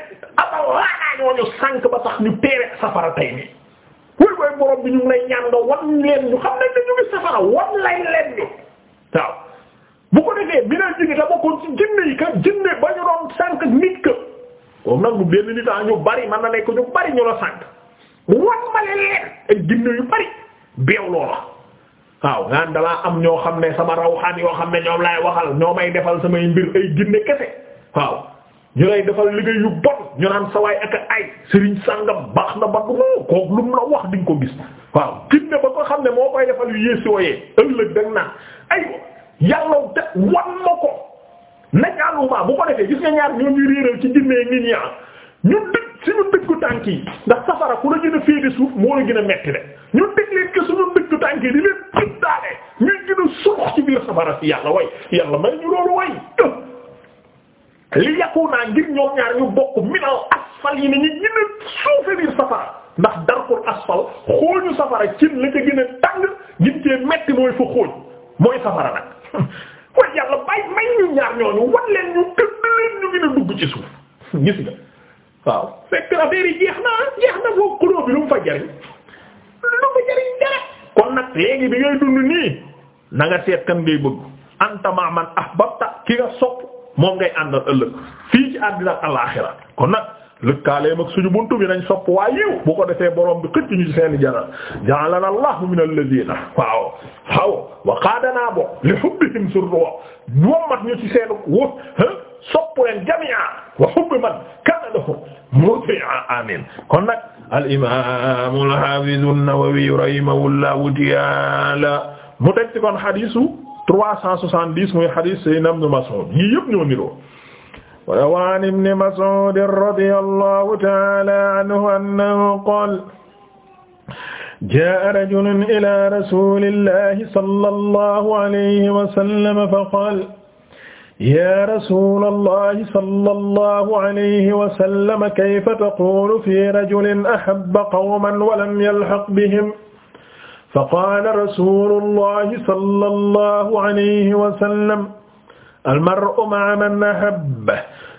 amal laanaa ñoo ñu sànq ba tax ñu teere safara tey nii. wuy borom bi ñu ngi lay ñaan nga wan leen ñu xam ne dañu ngi safara wan lay leen ñu waaw bu ko defee bi na jigi ta bokkoon ci jinne yi ka jinne ba ñu doon sànq nit ka comme nag bu benn nit a ñu bari man na nekk ñu bari ñu la sànq wan ma leen ay jinne yu bari beew loola waaw naan dalaa am ñoo xam ne sama rawxaan yoo xam ne ñoom laay waxal ñoo may defal samay mbir ay ginne kese waaw ñu lay defal liggéey yu bon ñu naan sa waay ak ay sëriñ sàngam baax na ba du kook lu mu la wax di nga ko gis waaw ginne ba ko xam ne moo koy defal yu yéesi wooyee ëllëg dag naan ay yàlla te wan ma ko najaaluma bu ko defee gis nga ñaar ñoo ñu réeral ci ginne nit ñi ah ñu dëkk suñu dëkku tànk yi ndax safara ku la gën a féete suuf a metti ñu teg leen ke suñu ndëgg di leen tëj daale ñu gën a ci biir safara si yàlla way yàlla may ñu loolu way li yàqu naa ngir ñoom ñaar ñu bokk minal asfal yi ne ñu gën suufe biir safara ndax darkul asfal xooñu safara cin la ca gën tàng gin cee metti mooy fa xooñ mooy safara nag kon yàlla bay may ñu ñaar ñooñu wan ñu tëdd leen ñu gën dugg ci suuf gis nga waaw fekk affaire yi jeex na jeex na foofu xuloo lu mu fa jariñ lu ko jariñ dara kon nag léegi bi ngay dund nii na seet kan ngay bëgg anta ma man ahbabta ki nga sopp moom ngay àndal ëllëg fii ci àddina ak alaaxira kon nag lëkkaaleem ak suñu bunt bi nañ sopp waa yiw bu ko defee borom bi xëcc ñu seeni jaral ja'alana allahu min alladhina waaw waaw wa qaadana bo li hubbihim surru wa wommat ñu ci seenu wo soppu leen jami'a wa hubbi man kana lahu muti'a amin kon nag al imam al hafiz an-Nawawi rahimahullahu ta'ala mu teg ci kon hadisu 370 muy hadis Sayyidina Ibn Mas'ud yi yëpp ñoo niroo wa an Ibn Mas'ud radiyallahu ta'ala anhu annahu qala jaa rajulun ila rasulillahi sallallahu alayhi wa sallam faqala yaa rasuulallahi sallallahu alayhi wa sallam kayfa taqulu fi rajulin ahabba qawman wa lam yalhaq bihim faqaala rasuulullahi sallallahu alayhi wa sallam almar'u ma'a man ahabba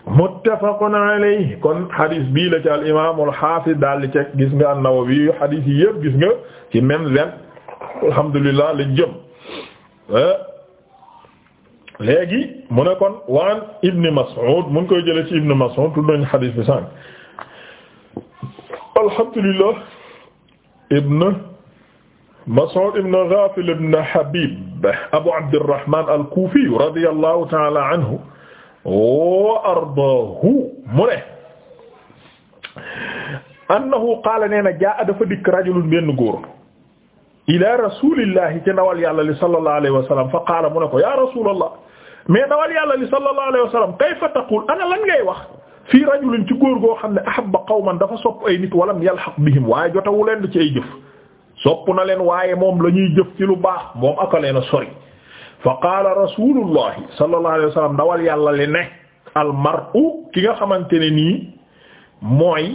muttafaqun alayhi kon xadis bii la ci al imaam al xaafid daal di teg gis nga an-Nawawi xadis yi yëpp gis nga ci même ren alhamdulilah la jëm léegi mu ne kon waan Ibn Mas'ud mu ngi koy jëlee ci Ibn Mas'ud tudd nañu xadiis bi sànq alhamdulillah Ibn Mas'ud Ibn Ghafil Ibn Habib Abu Abdirrahman al-Kufi radiyallahu ta'ala anhu wa ardaahu mu ne annahu qaala nee na jaa dafa dikk rajulun benn góor ila rasulillahi ci ndawal yàlla li sallallahu alayhi wa sallam fa qaala mu ne ko ya rasulallah mais dawal yàlla li sallallahu alayhi wa sallam kayfa taqul ana lan ngay wax fii rajulin ci góor goo xam ne ahabba qawman dafa sopp ay nit walam yalhaq bihim waaye jotawu leen ci ay jëf sopp na leen waaye moom la ñuy jëf ci lu baax moom aka leen a sori fa qaala rasulullahi sallallahu alayhi wa sallam dawal yàlla li ne al mar'u ki nga xamante ne nii mooy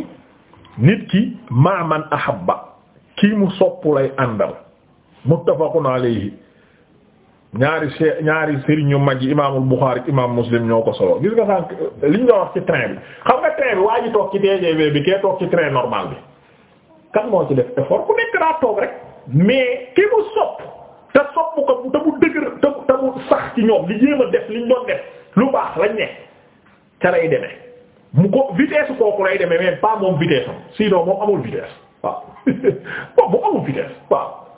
nit ki maaman ahabba kii mu sopp lay àndal muttafaqun alayhi ñaari che ñaari sëriñ ñu mag imaamul Buxaari imaam Muslim ñoo ko solo gis nga sànq liñ nga wax ci train bi xam nga train bi waa ji toog ci TGV bi kee toog ci train normal bi kan moo ci def effort ku nekk daa toog rek mais ki mu sopp te sopp ko te mu dëgër te mu sax ci ñoom li a def liñ doon def lu baax lañ ne ca lay demee mu ko vitesse kooku lay demee mais pas moom vitesse am sinon moom amul vitesse waaw.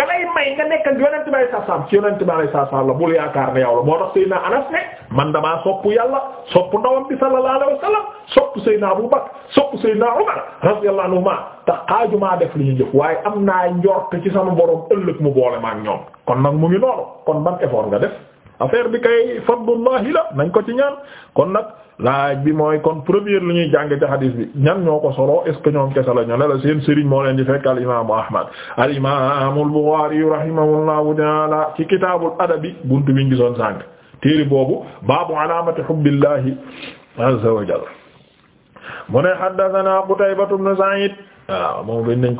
ka lay may nga nekk ak yonent bi alayhi ci yonent bi alayhi salaam la bul yaakaar ne yow la moo tax Seydina Anas ne man damaa sopp yàlla sopp ndawam bi sallallahu alayhi wa sallam sopp Seydina Abu Bakr sopp Seydina Umar radiyallahu anhuma tax xaajumaa def li ñu jëf waaye am naa njort ci sama borom ëllëg mu boole ma ak ñoom kon nag mu ngi noonu kon ban effort nga def affaire bi kay fadlullahi la nañ ko ci ñaan kon nag laaj bi mooy kon première lu ñuy jàng ci hadis bi ñan ñoo ko solo est ce que ñoom kese la ñu ne la seen sëriñ moo leen fekk al imaamu Ahmad al imaamu al-Bukhari rahimahullahu ta'ala ci kitaabul adabi buntu bi ñu gisoon sànq boobu baabu alaamati hubbillahi mu ne haddathana Qutaybatu ibn Sa'id waaw moom dañ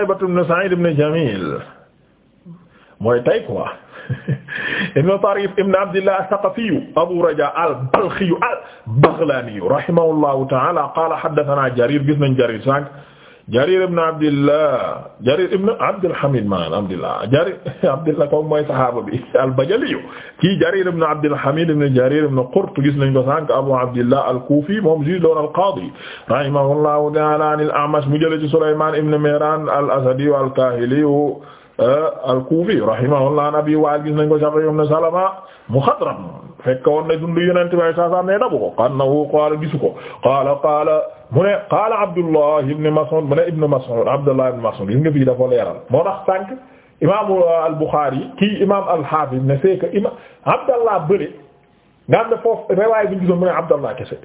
nañ Jamil mooy tay quoi ibnu Tarif ibnu Abdillah Saqafiyu Abu Raja al-Balkhiyu al-Baghlaniyu rahimahullahu ta'ala qaala haddathana Jarir gis nañ Jarir sànq Jarir ibnu Abdillah Jarir ibnu Abdul Hamid man Abdillah Jarir Abdillah ko mooy saxaaba bi al-Bajaliyu kii Jarir ibnu Abdul Hamid ibnu Jarir ibnu Qurt gis nañ ko sànq Abu Abdillah al-Kufi moom ji doon al-Qaadi rahimahullahu ta'ala an al-A'mash mu jële ci Sulaymaan ibnu Mihraan al-Asadiyu al-Kaahiliyu Euh, al-Kufi rahimahullah an abi wail gis nañ ko Shafi'i ibn Salama muxadram fekk woon ne dundu yonente way sasam ne dabu ko annahu qaala gisu ko qaala qaala mu ne qaala Abdullah ibn Mas'ud mu ne ibn Mas'ud Abdullah ibn Mas'ud gis nga fii dafa leeral moo tax sànq imam al-Bukhari kii imam al-Hafiz ne c'est que imam Abdallah bële nga am ne foofu riwaaya bi ñu gisoon mu ne Abdallah kese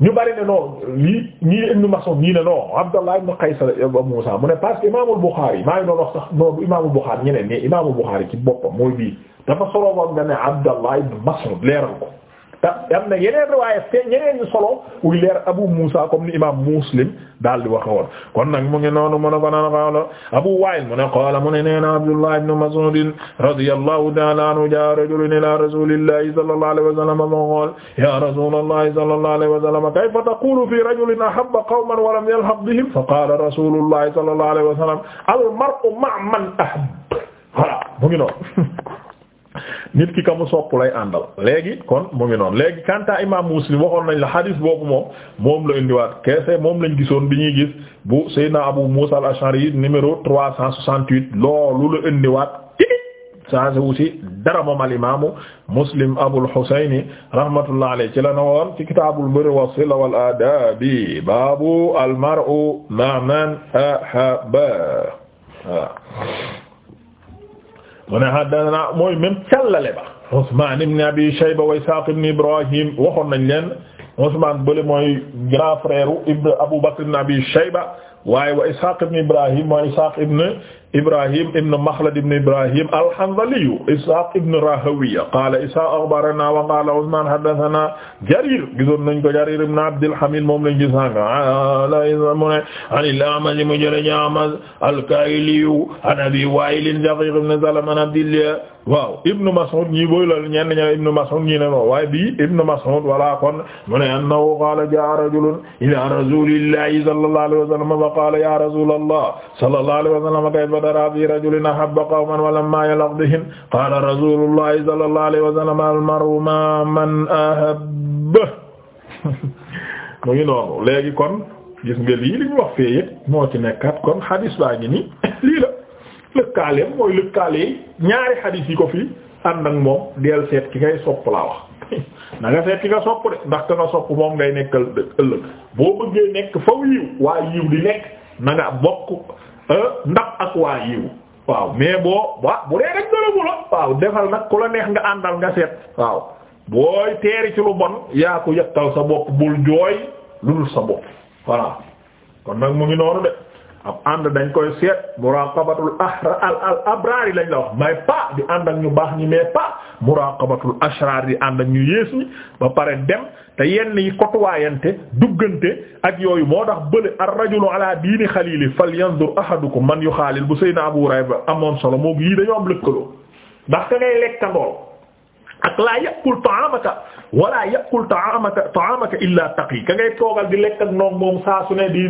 ñu bari ne non lii ñii Ibn Mas'ud ñii ne non Abdallah ibn Qays Abu Musa mu ne parce que Imaamul Bukhari maa ngi doon wax sax non du Imaamul Bukhari ñeneen ne Imaamul Bukhari ci boppam mooy bii dafa solo woon nga ne Abdallah ibn Mas'ud leeral ko. te am na yeneen riwaaya te ñeneen ñu solo wuy leer Abu Muusa comme ni imaam Muslim daal di waxe woon kon nag mu ngi noonu mu ne ko naan xaala Abu Waa'il mu ne qaala mu ne nee na Abdullah ibn Mas'ud radiyallahu ta'ala anhu jaa rajulun ila rasulillahi sallallahu alayhi wa sallam fa qaala ya rasulallahi sallallahu alayhi wa sallam kayfa taqulu fi rajulin ahabba qawman wa lam yalhaq bihim fa qaala rasulullahi sallallahu alayhi wa sallam al mar'u ma'a man ahabba voilà mu ngi noonu nit ki ka mu sopp lay àndal léegi kon mu ngi noonu léegi kanta imam muslim waxoon nañ la hadis boobu moom moom la indiwaat keese moom lañ gisoon bi ñuy gis bu Seydina Abu Musa al-Ash'ari numéro 368 loolu la indiwaat saase wu si dara moom al imaamu muslim abul husayni rahmatullah alayhi ci la na woon ci kitaabul birri was-sila wal aadaabi baabu al mar'u ma'a man ahabba mu ne haddathana mooy même càllale ba Usman ibn Abi Shayba wa Ishaq ibn Ibrahim waxoon nañ leen Usman bële mooy grand frère u ibn Abu Bakr ibn Abi Shayba waaye wa Ishaq ibn Ibrahim mooy Ishaq ibn Ibrahim ibn Makhlad ibn Ibrahim al-Hanzali Ishaq ibn Rahawiya qaala Ishaq akhbaranaa wa qaala Usmaan haddathanaa Jarir gisoon nañ ko Jarir ibn Abdil Hamid moom lañ gis sànq alhamdulilah mu ne an al-A'mash mu jëlee A'mash al-Kaahili an Abi Waa'il Shaqiiq ibn Salama an Abdillah waaw Ibn Mas'ud ñii booy la ñenn ñeneen Ibn Mas'ud ñii ne non waaye bii Ibn Mas'ud voilà kon mu ne annahu qaala jaa'a rajulun ilaa rasuulillahi sallallahu alayhi wa sallam fa qaala yaa rasuulallah sallallahu alayhi wa sallam qadara fi rajulin ahabba qawman wa ma yalaq bihim qala rasulullahi sallallahu alayhi wa sallam al mar'u ma man ahabba mu ngi noonu léegi kon gis nga lii li ñu wax fee yëpp moo ci nekkat kon xadis baa ngi nii lii la lëkkaaleem mooy lëkkaale ñaari xadis yi ko fii ànd ak moom deel seet ki ngay sopp laa wax na nga seet ki nga sopp de ndax ka nga sopp moom ngay nekkal ëllëg boo bëggee nekk faw yiw waa yiw di nekk na bokk Euh, ndax ak waa yiw waaw mais boo waaw bu dee rek gërëmu la waaw defal nag ku la neex nga àndal nga seet waaw booy teeri ci lu bon yaa ko yettal sa bopp bul jooy lu dul sa bopp voilà kon nag mu ngi noonu de ab ànd dañ koy seet muraqabatul ahra al al abraar yi lañ la wax mais pas di ànd ak ñu baax ñi mais pas muraqabatul ashrar di ànd ak ñu yées ñi ba pare dem te yenn yi kotuwaayante duggante ak yooyu moo tax bële ar-rajulu ala diini xalili falyanzur ahadukum man yuxaalil bu Seydina Abu Hurayra amoon solo moom yii dañoo am lëkkaloo ndax ka ngay lekkandool ak laa yàqul ta'amaka wala yaqul ta'amaka ta'amaka illa taqi ka ngay toogal di lekk ak noom moom saa su ne di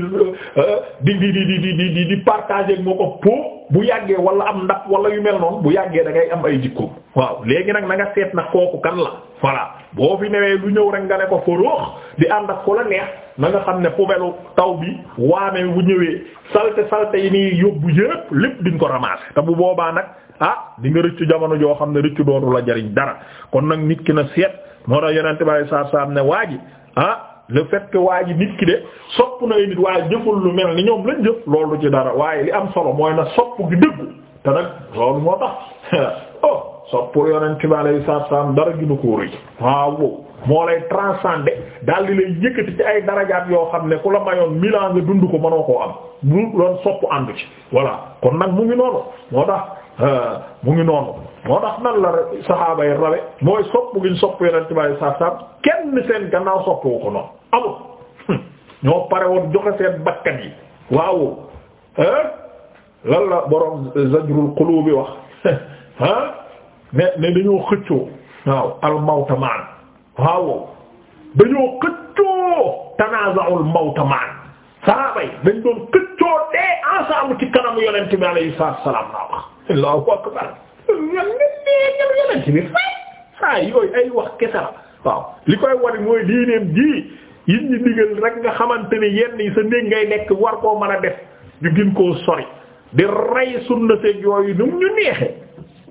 di di di di di di partager moo ko po bu yàggee wala am ndax wala yu mel noonu bu yàggee da ngay am ay jikko waaw léegi nag na nga seet nag kooku kan la voilà boo fi newee lu ñëw rek nga ne ko foroox di ànd ak ko la neex na nga xam ne poubelle taw bi waame bu ñëwee salte salte yi nii yóbbu yëpp lépp di ko ramasser te bu boobaa nag ah di nga rëccu jamono joo xam ne rëccu doonu la jariñ dara kon nag nit ki na seet moo tax yeneen tubaab yi saabsaab ne waa ji ah le fait que waa ji nit ki de sopp na ay nit waaye jëful lu mel ni ñoom lañ jëf loolu ci dara waaye li am solo mooy na sopp gi dëggu te nag loolu moo tax oh sopp yeneen tubaab yi saabsaab dara gi nu ko moo lay transcender daal di lay yëkkati ci ay darajaat yoo xam ne ku la mayoon milan nga ko mënoo koo am bu doon sopp ànd ci voilà kon nag mu ngi noonu moo tax euh, mu ngi noonu. moo tax nan la saxaaba yi rawe mooy sopp gi ñu sopp yonent bi saa saam kenn seen gannaaw soppu ko noonu woon joxe seen bakkan yi waaw lan la borom zajrul qulubi wax ah ne ne dañoo xëccoo waaw maan waaw dañoo xëccoo tanaaza'ul mawta maan kanamu yonent bi alayhi salaam naa wax allahu ñoom ñoom ñoom bi ah yooyu ay wax kese la waaw li koy wari mooy diineem ji yi ñu digal rek nga xamante ne yenn yi sa néeg ngay nekk war koo mën a def ñu gën koo sori di rey sunna seeg yooyu nu ñu neexee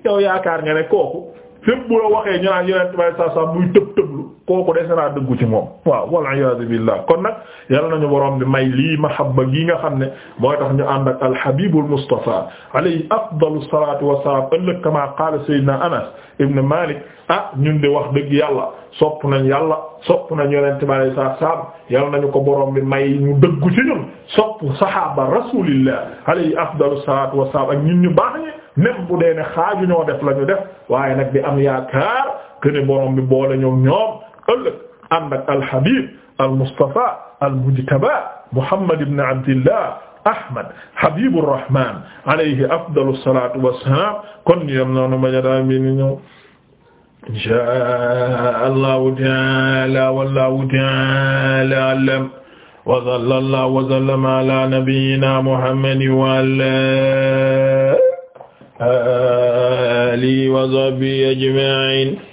yow yaakaar nga ne kooku fépp bu la waxee ñu naan yeneen tubaab yi sax muy tëb tëb. kooku dese naa dëggu ci moom waaw wal iyaadu billah kon nag yal nañu borom bi may lii mahabba gi nga xam ne mooy tax ñu ànd ak alhabibul mustafa alayhi afdalu salaatu wassalaam ëllëg kama qaala sayyidina anas ibn malik ah ñun de wax dëgg yàlla sopp nañ yàlla sopp nañ yonente bi alayhi salaatu wassalaam yal nañu ko borom bi may ñu dëggu ci ñun sopp sahaaba rasulillah alayhi afdalu salaatu wassalaam ak ñun ñu baax ñi même bu dee ne xaaju ñoo def la ñu def waaye nag di am yaakaar que ne borom bi boole ñoom ñoom ëllëg ànd ak alhabib almustafa almujtaba muhammad ibn abdillah ahmad habibur rahman alayhi afdalu salatu wassalam kon ñu yam noonu majataa bi ni ñëw insha allahu taala wallahu taala alam wa sallallahu wa sallama ala nabiyyina muhammadin wa ala alihi wa sahbihi ajma'in